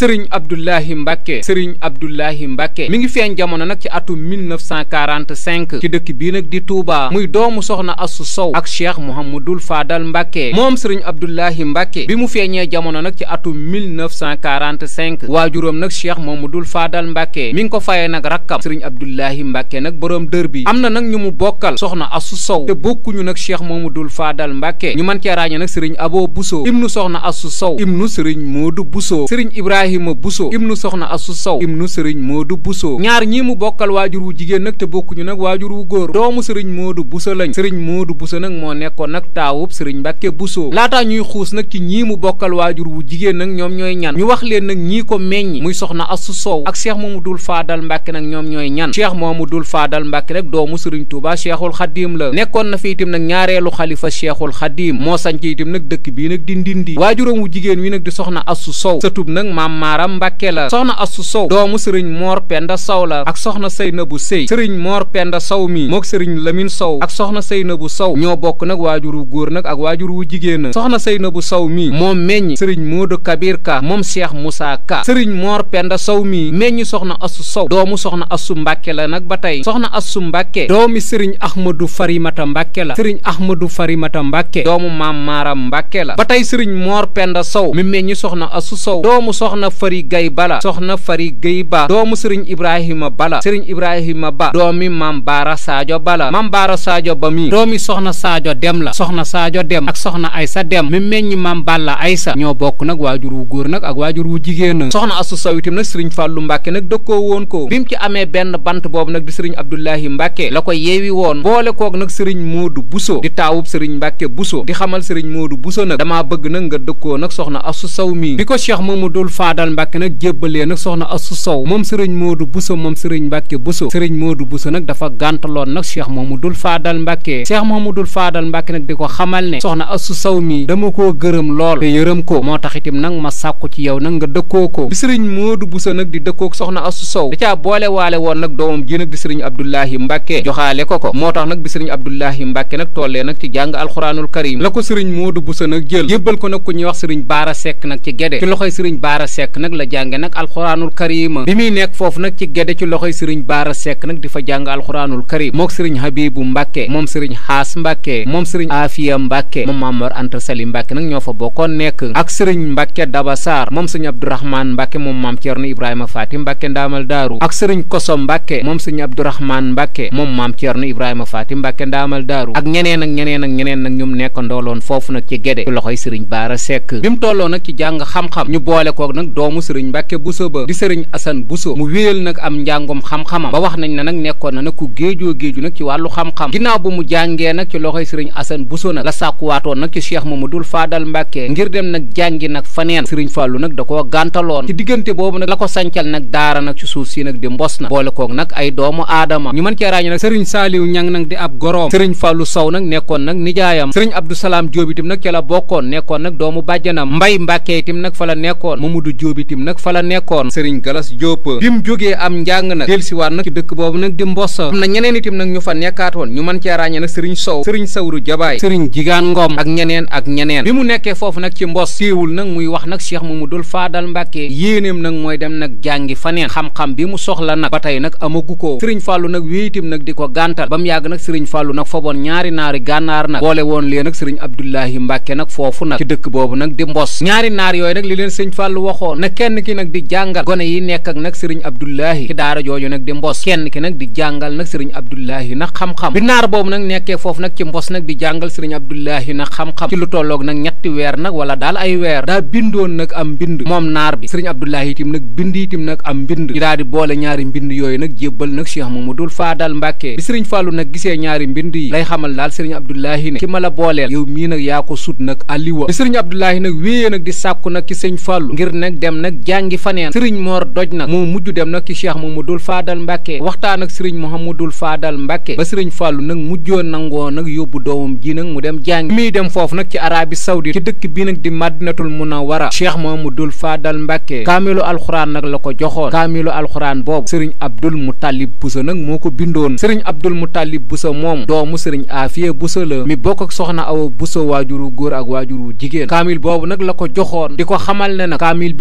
sëriñ Abdoulahi Mbacke sëriñ Abdoulahi Mbacke mi ngi feeñ jamono nag ci atum 1945 ci dëkk bii nag di tuubaa muy doomu soxna Assu Sow ak Cheikh Mouhamadul Fadal Mbacke moom sëriñ Abdoulahi Mbacke bi mu feeñee jamono nag ci atum 1945 waajuram nag Cheikh Mouhamadul faadal Mbacke mi ngi ko faye nag rakkam sëriñ Abdoulahi Mbacke nag borom dër bi am na nag ñu mu bokkal soxna Assu Sow te bokkuñu nag Cheikh Mouhamadul Fadal Mbacke ñu mën cee ràññee nag sëriñ Abo Bousso ibnu soxna Assu Sow ibnu sëriñ Modou Bousso Ibrahima Bousso ibnu soxna Assu Sow ibnu sëriñ Modou Bousso ñaar ñii mu bokkal waajur wu jigéen nag te bokkuñu nag waajur wu góor doomu sëriñ Modou Bousso lañ sëriñ Modou Bousso nag moo nekkoon nag taawub sëriñ Mbàkke Bousso laataa ñuy xuus nag ci ñii mu bokkal waajur wu jigéen nag ñoom ñooy ñan ñu wax leen nag ñii ko meññi muy soxna Assu Sow ak Cheikh Mamadul Faadal Mbàkke nag ñoom ñooy ñan Cheikh Mamadul Faadal Mbàkke nag doomu sëriñ Touba Cheikhul Xadim la nekkoon na fi itam nag ñaareelu xalifa seexul Xadim moo sanc itam nag dëkk bii nag di ndindi waajuram wu jigéen wi nag di soxna Assu Sow sëtub nag maam Maram Mbàkke la soxna Astu Sow doomu sëriñ Moor Penda Sow la ak soxna na bu Sey sëriñ Moor Penda Sow mi mook sëriñ Lamin Sow ak soxna Seynabu Sow ñoo bokk nag waajur wu góor nag ak waajur wu jigéen nag soxna Seynabu Sow mi moom meññ sëriñ Moodu Kabir Ka moom Cheikh Moussa Ka sëriñ Moor Penda Sow mi meññ soxna Astu Sow doomu soxna Astu Mbàkke la nag ba tey soxna Astu Mbàkke doomi sëriñ Ahmadu Farimata Mbàkke la sëriñ Ahmadu Farimata Mbàkke doomu Maam Maaram Mbàkke la ba tey sëriñ Moor Penda Sow mi meññ soxna Astu Sow doomu soxna soxna fari gay bala soxna fari gay ba doomu sëriñ ba bala sëriñ ibrahima ba doomi mam baara saajo bala mam baara saajo ba mi doomi soxna saajo dem la soxna saajo dem ak soxna ay sa dem mi meññ mam ay aysa ñoo bokk nag waajur wu góor nag ak waajur wu jigéen nag soxna asu saw itam nag sëriñ fàllu mbàkke nag dëkkoo woon ko bi mu ci amee benn bant boobu nag di sëriñ abdullahi mbàkke la ko yeewi woon boole kook nag sëriñ moodu buso di taawub sëriñ mbàkke buso di xamal sëriñ moodu buso nag damaa bëgg nag nga dëkkoo nag soxna Fadal Mbàkke nag jébbalee nag soxna Astou Sow moom sëriñ Modou Bousso moom sëriñ Mbàkke Bousso sëriñ Modou Bousso nag dafa gàntaloon nag Cheikh Mamadou Fadal Mbàkke Cheikh ko xamal ne soxna ko moo tax itam nag ma sàkku ci yow nag nga dëkkoo ko bi sëriñ Modou Bousso nag di dëkkook soxna Astou Sow da caa boole waale woon nag doomam ji nag di sëriñ Abdoulahi Mbàkke joxaale ko ko moo tax nag bi sëriñ Abdoulahi Mbàkke nag tollee nag ci jàng alxuraanul karim la ko sëriñ Modou Bousso nag jël yébbal ko nag ku ñuy wax sëriñ Baara nag ci gede ci loxoy sëriñ Baara Seck nag la jànge nag alxuraanul karima bi muy nekk foofu nag ci gedde ci loxoy sëriñ Baara Seck nag di fa jàng alxuraanul karim mook sëriñ Habibu Mbàkke moom sëriñ Xaas Mbàkke moom sëriñ Afiya Mbàkke moom Mamor moom sëriñ Abdourahmane Mbàkke moom maam Ceerno Ibrahima Faati Mbàkke ndaamal daaru ak sëriñ Koso moom sëriñ Abdourahmane Mbàkke moom maam Ceerno Ibrahima Faati Mbàkke ndaamal daaru ak ñeneen ak ñeneen ak ñeneen nag ñum nekk ndooloon foofu nag ci gedde ci loxoy sëriñ Baara Seck bi mu tolloo nag ci jàng xam-xam ñu boole koog nag nekkoon doomu sëriñ Mbàkke Buso ba di sëriñ Asan Buso mu wéyal nag am njàngum xam-xamam ba wax nañ ne nag nekkoon na nag ku géejoo géeju nag ci wàllu xam-xam ginnaaw bu mu jàngee nag ci loxoy sëriñ Asan Buso nag la sàkkuwaatoon nag ci Cheikh Mamadul Faadal Mbàkke ngir dem nag jàngi nag faneen sëriñ Fàllu nag da koo gàntaloon ci diggante boobu nag la ko sancal nag daara nag ci suuf si nag di mbos na boole koog nag ay doomu aadama ñu mën cee ràññe nag sëriñ Saaliw Ñang nag di ab goroom sëriñ Fàllu Saw nag nekkoon nag nijaayam sëriñ Abdu Salaam Jóob itam nag ca la bokkoon nekkoon nag doomu bàjjanam mbay Mbàkke itam nag fa Jóob itam nag fa la nekkoon sëriñ Galas Jóob bi mu jógee am njàng nag delsiwaat nag ci dëkk boobu nag di mbossa am na ñeneen itam nag ñu fa nekkaatoon ñu mën cee ràññee nag sëriñ Sow sëriñ Sawru Jabaay sëriñ Jigaan Ngom ak ñeneen ak ñeneen bi mu nekkee foofu nag ci mbos téewul nag muy wax nag seex mu mu dul faadal Mbàkke yéeneem nag mooy dem nag jàngi faneen xam-xam bi mu soxla nag ba tey nag amagu ko sëriñ Fàllu nag wéyitam nag di ko gàntal ba mu yàgg nag sëriñ Fàllu nag foboon ñaari naari gànnaar nag boole woon leen nag sëriñ Abdoulahi Mbàkke nag foofu nag ci dëkk boobu nag di mbos ñaari naar yooyu nag li leen sëriñ Fàllu waxoon waxoon na kenn ki nag di jàngal gone yi nekk ak nag sëriñ Abdullahi ci daara jooju nag di mbos kenn ki nag di jàngal nag sëriñ Abdullahi nag xam-xam bi naar boobu nag nekkee foofu nag ci mbos nag di jàngal sëriñ Abdullahi nag xam-xam ci lu tolloog nag ñetti weer nag wala daal ay weer daa bindoon nag am mbind moom naar bi sëriñ Abdullahi itim nag bind itim nag am mbind ñu daal di boole ñaari mbind yooyu nag jébbal nag Cheikh Mamadul Faadal Mbàkke bi sëriñ Fàllu nag gisee ñaari mbind yi lay xamal daal sëriñ Abdullahi ne ki ma la booleel yow mii nag yaa ko sut nag aliwa bi sëriñ Abdullahi nag wéyee nag keneen dem nag jàngi faneen sëriñ moor doj nag moo mujj dem nag ci cheikh mamadul faadal mbàkke waxtaan ak sëriñ mohamadul faadal mbàkke ba sëriñ fàllu nag mujjoon nangoo nag yóbbu doomam ji nag mu dem jàngi muy dem foofu nag ci arabi saudi ci dëkk bi nag di a madinatul munawara mu dul faadal mbàkke kaamilu alxuraan nag la ko joxoon kaamilu alxuraan boobu sëriñ abdul mutalib busa nag moo ko bindoon sëriñ abdul mutalib busa moom doomu sëriñ aafiye busa la mi bokk ak soxna awa busa waajuru góor ak waajuru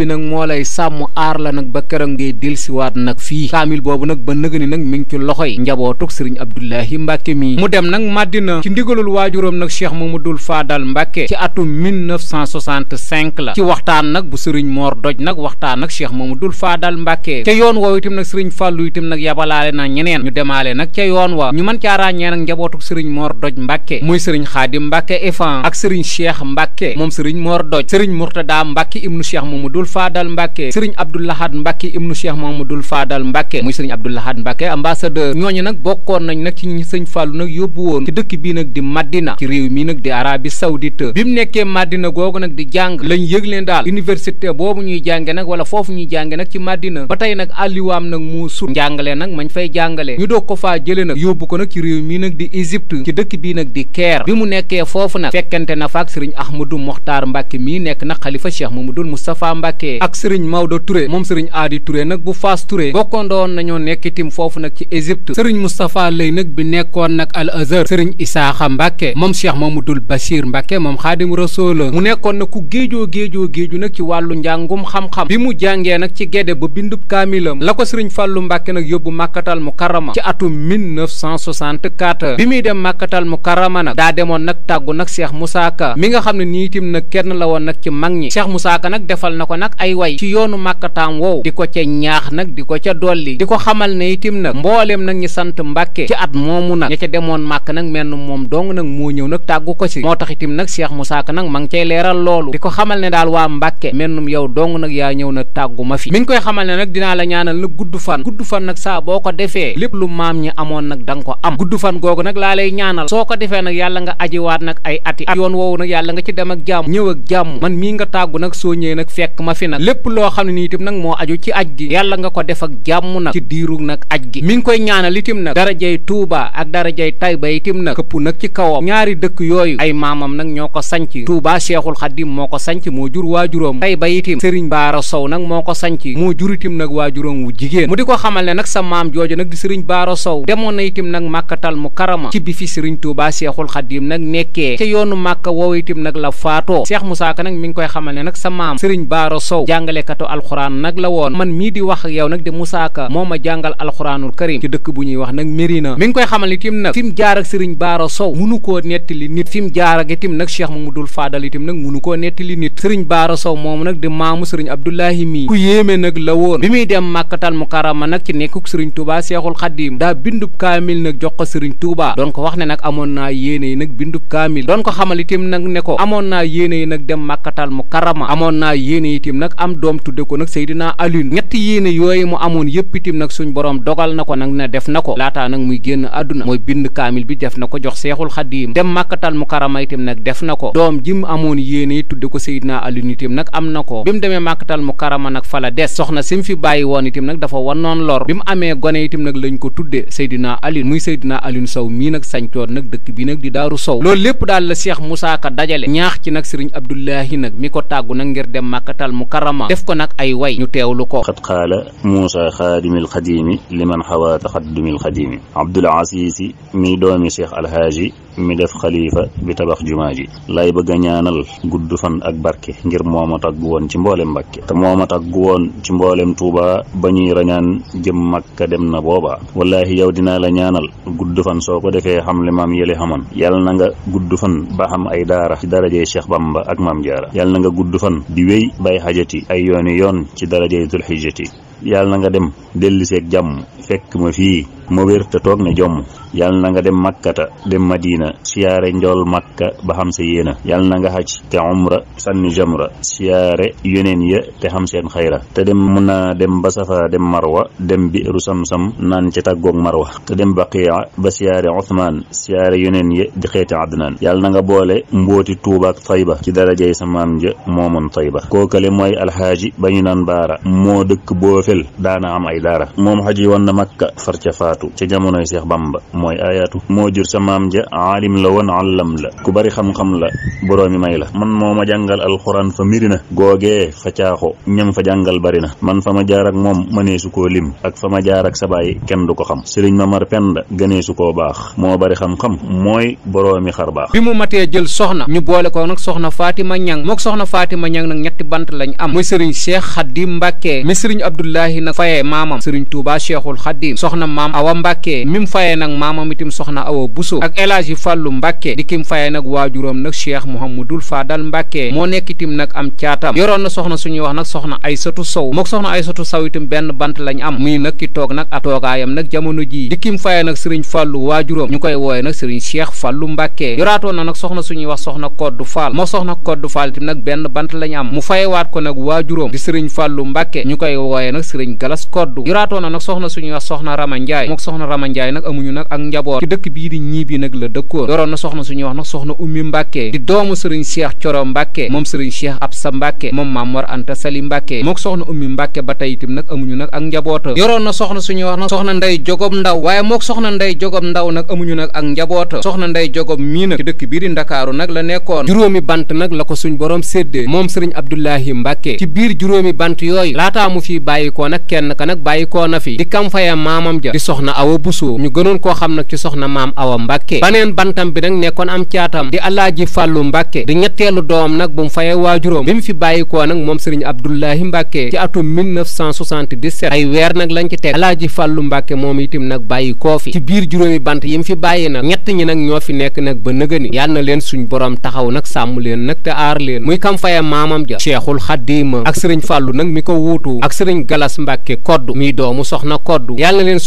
nag moo lay sàmm aar la nag ba keroog ngay delsiwaat nag fii kaamil boobu nag ba nëga ni nag mi ngi ci loxoy njabootug sëriñ Abdoulahi Mbàkke mi mu dem nag Madina ci ndigalul waajuram nag Cheikh Mamadul Faadal Mbàkke ci atum la ci waxtaan nag bu sëriñ Moor Doj nag waxtaan nag Cheikh dul Faadal Mbàkke ca yoon woowu itam nag sëriñ Fàllu itam nag yabalaale na ñeneen ñu demaale nag ca yoon wa ñu man caa ràññee nag njabootug sëriñ Moor Doj Mbàkke muy sëriñ Xaadim Mbàkke Efan ak sëriñ Cheikh Mbàkke moom sëriñ Moor Doj sëriñ Murtada Mbàkke ibnu Fadal Mbacke Serigne Abdou Lahad Mbacke ibnu Cheikh Mamadou Fadal Mbacke muy Serigne Abdou Lahad Mbacke ñooñu nag bokkoon nag ci ñi sëñ Fallou nag yóbbu nag di Madina ci réew mii nag di Arabie Saoudite bi mu nekkee Madina di jàng lañ yëg leen daal université boobu ñuy jànge nag wala foofu ñuy jànge ci Madina ba tey nag àlliwaam nag moo sut njàngale nag mañ fay jàngale ñu doog ko faa ko nag ci réew mii nag di Égypte ci dëkk bii nag di Caire bi mu nekkee foofu nag na faak Serigne Ahmadou Mokhtar Mbacke mii nekk nag xalifa Cheikh Mamadou Moustapha Mbacke Mbacke ak Serigne Maodo Touré moom Serigne Aadi Touré nag bu Faas Touré bokkandoon nañoo nekk itim foofu nag ci Égypte Serigne Moustapha Lay nag bi nekkoon nag Al Azhar Serigne Isaaxa Mbacke moom Cheikh Mamadul Bachir Mbacke moom Xaadim Rasool mu nekkoon nag ku géejoo géejoo géeju nag ci wàllu njàngum xam-xam bi mu jàngee nag ci gedde ba bindub kaamilam la ko Serigne Fàllu Mbacke nag yóbbu Màkkatal Mukarrama ci atum 1964 bi muy dem Màkkatal Mukarrama nag daa demoon nag tàggu nag Cheikh Moussa Ka mi nga xam ne nii kenn la woon nag ci mag ñi Cheikh Moussa Ka nag defal na ko ay way ci yoonu màkkataam woow di ko ca ñaax nag di ko ca dolli di ko xamal ne itim nag mbooleem nag ñi sant mbàkke ci at moomu nag ña ca demoon màkk nag menn moom dong nag moo ñëw nag tàggu ko si moo tax itim nag Cheikh Moussa Ka nag ma ngi cay leeral loolu di ko xamal ne daal waa mbàkke mennum yow dong nag yaa ñëw nag tàggu ma fi mi ngi koy xamal ne nag dinaa la ñaanal nag gudd fan gudd fan nag saa boo ko defee lépp lu maam ñi amoon nag da ko am gudd fan googu nag laa ñaanal soo ko defee nag yàlla nga ajiwaat nag ay ati at yoon woowu nag yàlla nga ci dem ak jàmm ñëw ak jàmm mii nga tàggu nag soo ñëwee nag fekk ma fi nag lépp loo xam ne nii nag moo aju ci aj gi yàlla nga ko def ak jàmm nag ci diiru nag aj gi mi ngi koy ñaanal itam nag darajay Touba ak darajay Tayba itam nag këpp nag ci kawam ñaari dëkk yooyu ay maamam nag ñoo ko sanc Touba Cheikhul Khadim moo ko sanc moo jur waajuróom Tayba itam Serigne Baara Sow nag moo ko sanc moo jur itam nag waajuróom wu jigéen mu di ko xamal ne nag sa maam jooju nag di Serigne Baara Sow demoon na itam nag màkkatal mu karama ci bi fi Serigne Touba Cheikhul Khadim nag nekkee ca yoonu màkka woowu itam nag la faatoo Cheikh Moussa Ka nag mi ngi koy xamal Sow jàngalekatu alxuraan nag la woon man mii di wax ak yow nag di Moussa Ka moo ma jàngal alxuraanul karim ci dëkk bu ñuy wax nag Mérina mi ngi koy xamal ni tim nag fi mu jaar ak Serigne Baara Sow munu koo li nit fi mu jaar ak itim nag dul Mamadou Fadal itim nag munu koo li nit Serigne Baara Sow moom nag di maamu Serigne Abdoulahi mii ku yéeme nag la woon bi muy dem màkkatal mukarama nag ci nekkuk Serigne Touba Cheikhul Khadim daa bindub kaamil nag jox ko Serigne Touba doon wax ne nag amoon naa yéene nag bindub kaamil doon xamal itim nag ne ko amoon naa yéene yi nag dem màkkatal mukarama amoon naa yéene itim itim nag am doom tudde ko nag Seydina Alioune ñetti yéene yooyu mu amoon yëpp itim nag suñ borom dogal na ko nag ne def na ko laataa nag muy génn àdduna mooy bind kaamil bi def na ko jox seexul xadiim dem màkkatal mu karama itim nag def na ko doom ji mu amoon yéene tudde ko Seydina Alioune itim nag am na ko mu demee màkkatal mu karama nag fa la des soxna si mu fi bàyyi woon itim nag dafa wanoon lor bi mu amee gone itim nag lañ ko tudde Seydina Alioune muy Seydina Alioune Sow mii nag sañcoon nag dëkk bi nag di daaru Sow lool lépp daal la seex Moussa Ka dajale ñaax ci nag sëriñ Abdoulahi nag mi ko tàggu nag ngir dem màkkatal mukarrama def ko nag ay way ñu teewlu ko xad qaala muusa xaadimil xadiimi liman xawaa taxaddumil xadiimi abdul asiisi mi doomi cheikh alhaaji mi def xalifa bi tabax jumaa ji lay bëgg a ñaanal gudd fan ak barke ngir mooma tagg woon ci mboolem Mbàkke te mooma tagg woon ci mboolem Tuuba ba ñuy rañaan jëm Makka dem na booba wallaahi yow dinaa la ñaanal gudd fan soo ko defee xam li maam yële xamoon yàlla na nga gudd fan ba xam ay daara ci darajey Cheikh Bamba ak maam Jaara yàlla na nga gudd fan di wéy bay xajati ay yooni yoon ci darajey Dul Hijjati yàlla na nga dem delliseeg jàmm fekk ma fii ma wér te toog ne jomm yàlla na nga dem makkata dem madina siyaare njool makka ba xam sa yéena yàlla na nga xaj te umra sànni jamra siyaare yeneen ya te xam seen xayra te dem mun na dem ba safa dem marwa dem bi ru sam-sam naan ca tàggoog marwa te dem baqiya ba siyaare uthman siyaare yeneen ya di xeeti adnaan yàlla na nga boole mbooti tuuba ak tayba ci darajey sa maam ja moomoon tayba kookale mooy alxaaji ba ñu naan baara moo dëkk boofel daana am ay daara moom xaji woon na makka far ca ayaatu ca jamonoy Seex Bamba mooy ayaatu moo jur sa maam ja aalim la woon àllam la ku bari xam-xam la boroomi may la man moo ma jàngal alxuraan fa miri na googee fa caaxo ñam fa jàngal bari na man fa ma jaar ak moom mëneesu koo lim ak fa ma jaar ak sabaay kenn du ko xam sëriñ Mamar Penda gëneesu koo baax moo bari xam-xam mooy boroomi xar baax bi mu matee jël soxna ñu boole ko nag soxna Fatima Ñang mook soxna Fatima Ñang nag ñetti bant lañ am muy sëriñ Cheikh Xaddim Mbàkke mi sëriñ Abdoulahi nag fayee maamam sëriñ Touba Cheikhul Xaddim Awa Mbacke mi mu fayee nag maamam itam soxna Awa Bousso ak El Hadji Fallou Mbacke di ki mu fayee nag waajuram nag Cheikh Mouhamadul Fadal Mbacke moo nekk itam nag am caatam yoroon na soxna suñuy wax nag soxna Aysatu Sow mook soxna Aysatu Sow itam benn bant lañ am muy nag ki toog nag a toogaayam nag jamono jii di ki mu fayee nag sëriñ Fallou waajuram ñu koy wooye nag sëriñ Cheikh fallu mbakke yoraatoon na nag soxna suñuy wax soxna Koddu Fall moo soxna Koddu Fall nag benn bant lañ am mu fayewaat ko nag waajuram di sëriñ Fallou Mbacke ñu koy wooye nag sëriñ Galas Koddu yoraatoon soxna Rama Ndiaye nag amuñu nag ak njaboot dëkk bii di ñii bi nag la dëkkoon yoroon na soxna suñuy wax nag soxna ummi Mbàkke di doomu sëriñ Cheikh Coro Mbàkke moom sëriñ Cheikh Absa Mbàkke moom Maam Mor Anta Sali Mbàkke mook soxna ummi Mbàkke ba tey itam nag amuñu nag ak njaboota yoroon na soxna suñuy wax nag soxna Ndey Jogob Ndaw waaye mook soxna Ndey Jogob Ndaw nag amuñu nag ak njaboota soxna Ndey Jogob mii nag ci dëkk bii di Ndakaaru nag la nekkoon juróomi bant nag la ko suñ boroom séddee moom sëriñ Abdoulahi Mbàkke ci biir juróomi bant yooyu laataa mu fii bàyyikoo nag kenn ka nag bàyyikoo na fi di kam faya maamam ja di soxna soxna awa busoo ñu gënoon koo xam nag ci soxna maam awa mbàkke baneen bantam bi nag nekkoon am caatam di alaaji fàllu mbàkke di ñetteelu doom nag bu mu fayee waajuróom bi mu fi bàyyikoo nag moom sëriñ abdullahi mbàkke ci atum 1977 ay weer nag lañ ci teg alaaji fàllu mbàkke moom itam nag bàyyi koo fi ci biir juróomi bant yi mu fi bàyyi nag ñett ñi nag ñoo fi nekk nag ba nëgëni yal na leen suñ borom taxaw nag sàmm leen nag te aar leen muy kam faye maamam ja cheikhul xaddiima ak sëriñ fàllu nag mi ko wuutu ak sëriñ galas mbàkke koddu muy doomu soxna koddu yal na leen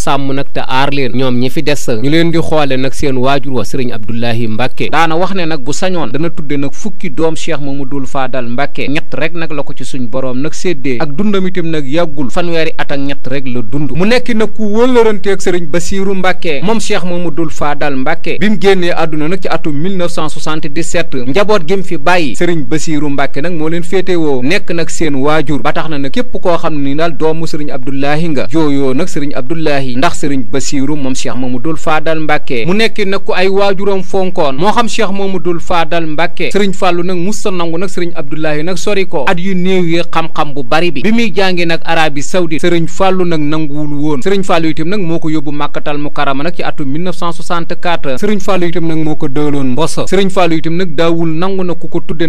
sàmm nag te aar leen ñoom ñi fi des ñu leen di xoole nag seen waajur wa sëriñ Abdoulahi Mbacke daana wax ne nag bu sañoon dana tudde nag fukki doom Cheikh Mamadou Fadal Mbacke ñett rek nag la ko ci suñ boroom nag séddee ak dundam itam nag yàggul fanweeri at ak ñett rek la dund mu nekk nag ku wëllëranteeg sëriñ Basiiru Mbacke moom Cheikh Mamadou Fadal Mbacke bi mu génnee àdduna nag ci atum 1977 njaboot gi mu fi bàyyi sëriñ Basiiru Mbacke nag moo leen féetewoo nekk nag seen waajur ba tax na nag képp koo xam ni daal doomu sëriñ Abdoulahi nga jooyoo nag sëriñ Abdoulahi yi ndax sëriñ Basiiru moom Cheikh Mamadul Faadal Mbàkke mu nekk nag ku ay waajuram fonkoon moo xam Cheikh Mamadul Faadal Mbàkke sëriñ Fàllu nag musta nangu nag sëriñ Abdoulahi nag sori ko at yu néew yi xam-xam bu bari bi muy jàngi nag Arabie Saoudite sëriñ Fàllu nag nanguwul woon sëriñ Fàllu itam nag moo ko yóbbu màkkatal mukarama nag ci atum 1964 sëriñ Fàllu itam nag moo ko dëloon mbosa sëriñ Fàllu itam nag daawul nangu nag ku ko tudde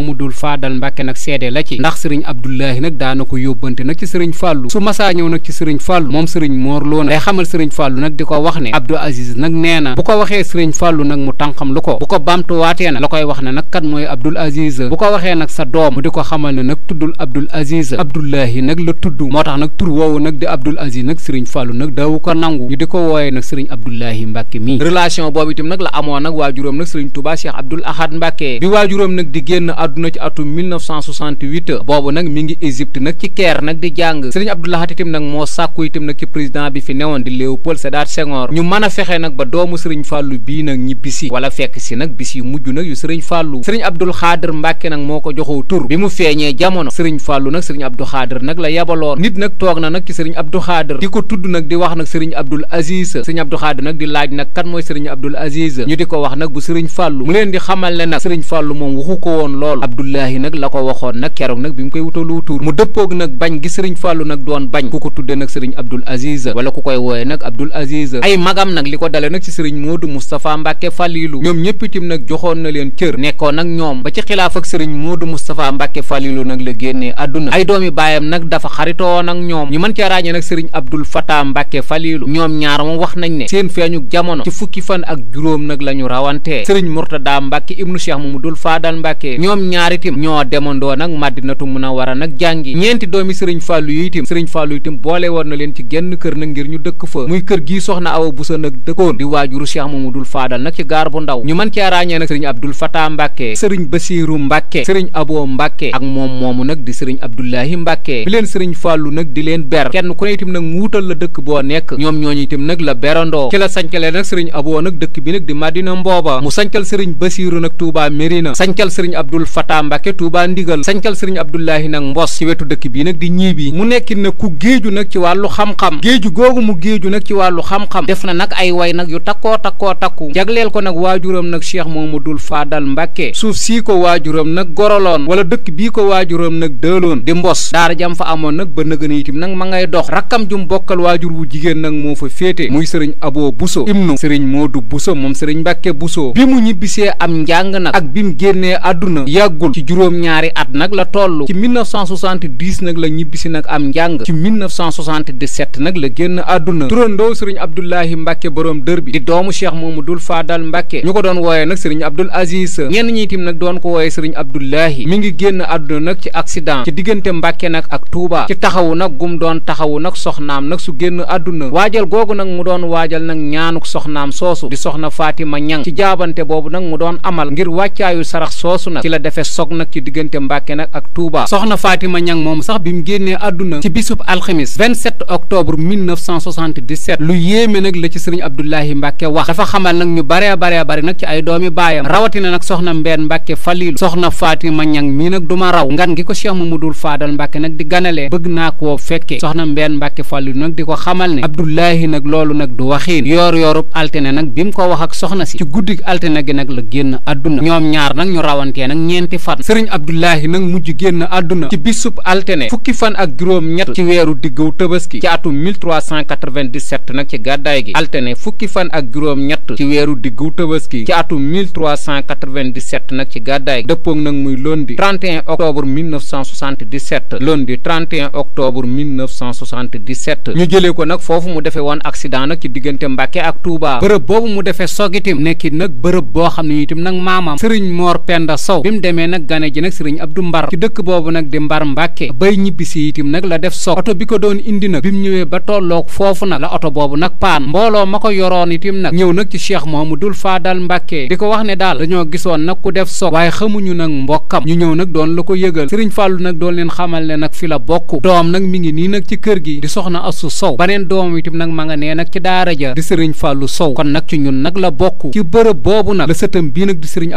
Mamadul Faadal Mbàkke nag seede la ci ndax sëriñ Abdullahi nag daana yóbbante nag ci sëriñ Fàllu su masaa ñëw nag ci sëriñ Fàllu moom sëriñ Moor Lo na day xamal sëriñ Fàllu nag di ko wax ne Abdou Aziz nag nee na mu la koy di ko xamal nag tuddul Abdul Aziz Abdullahi nag la tudd moo tax nag tur woowu nag di Abdul Aziz nag sëriñ Fàllu nag daawu ko nangu ñu di ko wooyee nag sëriñ Abdullahi Mbàkke mi relation boobu itam nag la amoon nag waajuróom nag sëriñ Tuubaa Cheikh Abdul Ahad Mbàkke bi waajuróom àdduna ci atum 1968 boobu nag mi ngi Égypte nag ci Caire nag di jàng Serigne Abdou nag moo sàkku itam nag ci président bi fi newoon di Léopold Sédar Senghor ñu mën a fexe nag ba doomu Serigne Fallou bii nag ñibbisi wala fekk si nag bis yu mujj nag yu Serigne Fallou Serigne Abdoul Xaadir nag moo ko joxoo tur bi mu feeñee jamono Serigne Fallou nag Serigne Abdou Xaadir nag la yabaloon nit nag toog na nag ci Serigne Abdou di ko tudd nag di wax nag Serigne Abdoul Aziz Serigne di laaj nag kan mooy Serigne Abdoul Aziz di ko wax nag bu Serigne Fallou mu leen loolu Abdullahi nag la ko waxoon nag keroog nag bi mu koy wutaloo tuur mu dëppoog nag bañ gi sëriñ Fàllu nag doon bañ ku ko tudde nag sëriñ Abdul Aziz wala ku koy wooye nag Abdul Aziz ay magam nag li ko dale nag ci sëriñ Moodu Moustapha Mbàkke Fàlilu ñoom ñëpp itam nag joxoon na leen cër nekkoon nag ñoom ba ci xilaaf ak sëriñ Moodu Moustapha Mbàkke Fàlilu nag la génnee àdduna ay doomi baayam nag dafa xaritoon ak ñoom ñu mën cee ràññee nag sëriñ Abdul Fata Mbàkke Fàlilu ñoom ñaar moom wax nañ ne seen feeñu jamono ci fukki fan ak juróom nag la ñu rawantee sëriñ Murtada Mbàkke ibnu Cheikh Mamadul Faadal Mbàkke ñoom ñoom tim ñoo demandoo nag Madinatu Munawwara nag jàngi ñeenti doomi sëriñ Fàllu yi tim sëriñ Fàllu yi tim boole woon na leen ci genn kër nag ngir ñu dëkk fa muy kër gii soxna Awa Busa nag dëkkoon di waajuru Cheikh Mamadul Faadal nag ci gaar bu ndaw ñu mën cee ràññee nag sëriñ Abdul Fata Mbàkke sëriñ Basiiru Mbàkke sëriñ aboo Mbàkke ak moom moomu nag di sëriñ Abdullahi Mbàkke bi leen sëriñ Fàllu nag di leen ber kenn ku ne itam nag muutal la dëkk boo nekk ñoom ñooñu itam nag la berandoo ci la sañcalee nag sëriñ Abo nag dëkk bi nag di Madina Mbooba mu sañcal sëriñ Basiiru nag Tuubaa Mérina sañcal sëriñ Abdul Fata Fata Mbacke Touba ndigal sañcal sëriñ Abdoulahi nag mbos ci wetu dëkk bii nag di ñii bi mu nekkin nag ku géeju nag ci wàllu xam-xam géeju googu mu géeju nag ci wàllu xam-xam def na nag ay way nag yu takkoo takkoo takku jagleel ko nag waajuram nag Cheikh Mamadou Fadal Mbacke suuf sii ko waajuram nag goroloon wala dëkk bii ko waajuram nag dëloon di mbos daara jam fa amoon nag gën nëgën itam nag ma ngay dox rakkam jum bokkal waajur wu jigéen nag moo fa féete muy sëriñ Abo Bousso imnu sëriñ Modou Bousso moom sëriñ Mbacke Bousso yàggul ci juróom-ñaari at nag la toll ci 1970 nag la ñibbisi nag am njàng ci 1977 nag la génn àdduna turandoo sëriñ Abdoulahi Mbacke borom dër bi di doomu cheikh Mamadou Fadal Mbacke ñu ko doon wooyee nag sëriñ Abdoul Aziz ngi génn àdduna nag ci accident ci diggante Mbacke nag ak Touba ci taxawu nag gum doon taxawu nag soxnaam nag su génn àdduna waajal googu nag mu doon waajal nag ñaanuk soxnaam soosu di soxna Fatima Ñang ci jaabante boobu nag mu doon amal ngir wàccaayu sarax soosu fes soog nag ci diggante Mbàkke nag ak Touba soxna Fatima Ñang moom sax bi mu génnee àdduna ci bisub alxamis 27 octobre 1977 lu yéeme nag la ci sëriñ Abdoulahi Mbàkke wax dafa xamal nag ñu baree baree bari nag ci ay doomi baayam rawatina nag Ñang mii nag du ma raw ngan gi ko Cheikh Mamadou Fadal Mbàkke nag di ganalee bëgg naa koo fekkee soxna Mbeen Mbàkke Falilu nag di ko xamal ne Abdoulahi nag loolu nag du waxiin yoor yoorub altine nag bi mu ko wax ak soxna si ci guddi altine gi nag la génn àdduna ñoom ñaar nag ñu rawantee nag ñeent ñeenti fan sëriñ Abdoulahi nag mujj génn àdduna ci bisub altene fukki fan ak juróom ñett ci weeru diggaw tëbaski ci atum 1397 nag ci gàddaay gi altene fukki fan ak juróom ñett ci weeru diggaw tëbaski ci atum 1397 nag ci gàddaay gi dëppoog nag muy lundi 31 octobre 1977 lundi 31 octobre 1977 ñu jëlee ko nag foofu mu defee woon accident nag ci diggante Mbàkke ak Touba bërëb boobu mu defee sogitim nekki nag bërëb boo xam ne itam nag maamam sëriñ moor Penda Sow bi mu demee nag gane ji nag sëriñ Abdou Mbar ci dëkk boobu nag di Mbar Mbàkke bay ñibbisi itim nag la def soog oto bi ko doon indi nag bi mu ñëwee ba tolloog foofu nag la oto boobu nag paan mbooloo ma yoroon nag ñëw nag ci Cheikh Mouhamadoul Fadal Mbàkke di ko wax ne daal dañoo gisoon nag ku def soog waaye xamuñu nag mbokkam ñu ñëw nag doon la ko yëgal sëriñ Fàllu nag doon leen xamal ne nag fi la bokk doom nag mi ngi nii nag ci kër gi di soxna Assu Sow baneen doom itim nag ma nga nee nag ci daara ja di sëriñ Fàllu Sow kon nag ci ñun nag la bokk ci bërëb boobu nag la sëtam bii nag di sëriñ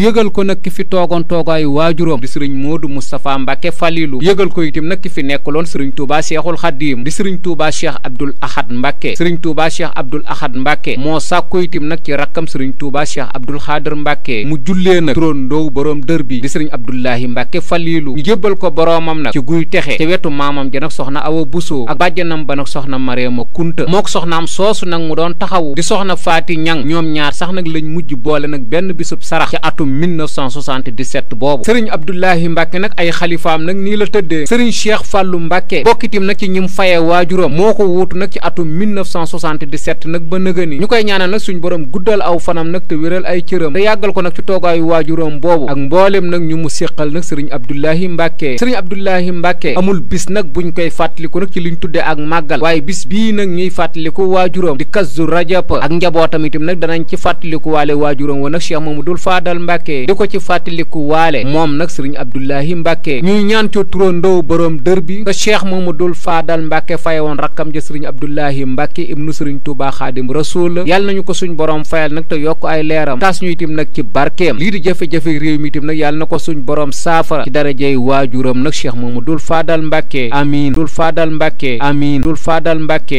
yëgal ko nag ki fi toogoon toogaayu waajuram di sëriñ Modou Moustapha Mbacke Falilou yëgal ko itam nag ki fi nekkaloon sëriñ Touba Cheikhul Khadim di sëriñ Touba Cheikh Abdoul Ahad Mbacke sëriñ Touba Cheikh Abdoul Ahad Mbacke moo ko itam nag ci rakkam sëriñ Touba Cheikh Abdoul Khader Mbacke mu jullee nag turandoow borom dër bi di sëriñ Abdoulahi Mbacke Falilou ñu jébbal ko boromam nag ci guy texe te wetu maamam ja nag soxna Awa Bousso ak bàjjanam ba nag soxna Mariama Kunta mook soxnaam soosu nag mu doon taxaw di soxna Faati Ñang ñoom ñaar sax nag lañ mujj boole nag benn atum 1977 boobu sëriñ Abdoulahi Mbacke nag ay xalifaam nag nii la tëddee sëriñ Cheikh Fallou Mbacke bokkitim nag ci ñim faye waajuram moo ko wuutu nag ci atum 1977 nag ba nëgëni ñu koy ñaanal nag suñ borom guddal aw fanam nag te wéral ay cëram te yàggal ko nag ci toogaayu waajuram boobu ak mboolem nag ñu mu séqal nag sëriñ Abdoulahi Mbacke sëriñ Abdoulahi Mbacke amul bis nag buñ koy fàttaliku nag ci liñ tuddee ak màggal waaye bis bii nag ñuy fàttaliku waajuram di kazu rajab ak njabootam itam wa nag Cheikh Mbacke di ko ci fàttaliku waale moom nag sëriñ Abdoulahi Mbacke ñuy ñaan ci turandoo borom dër bi te cheikh Mamadul Faadal Mbacke fayewoon rakkam ja sëriñ Abdoulahi Mbacke ibnu sëriñ Touba Xaadim Rasul na ñu ko suñ borom fayal nag te yokk ay leeram tas ñu itam nag ci barkeem lii di jafe-jafe réew mi itam nag yal na ko suñ boroom saafara ci darajey waajuram nag cheikh Mamadul Faadal Mbacke amiin dul Faadal Mbacke amiin dul Faadal Mbacke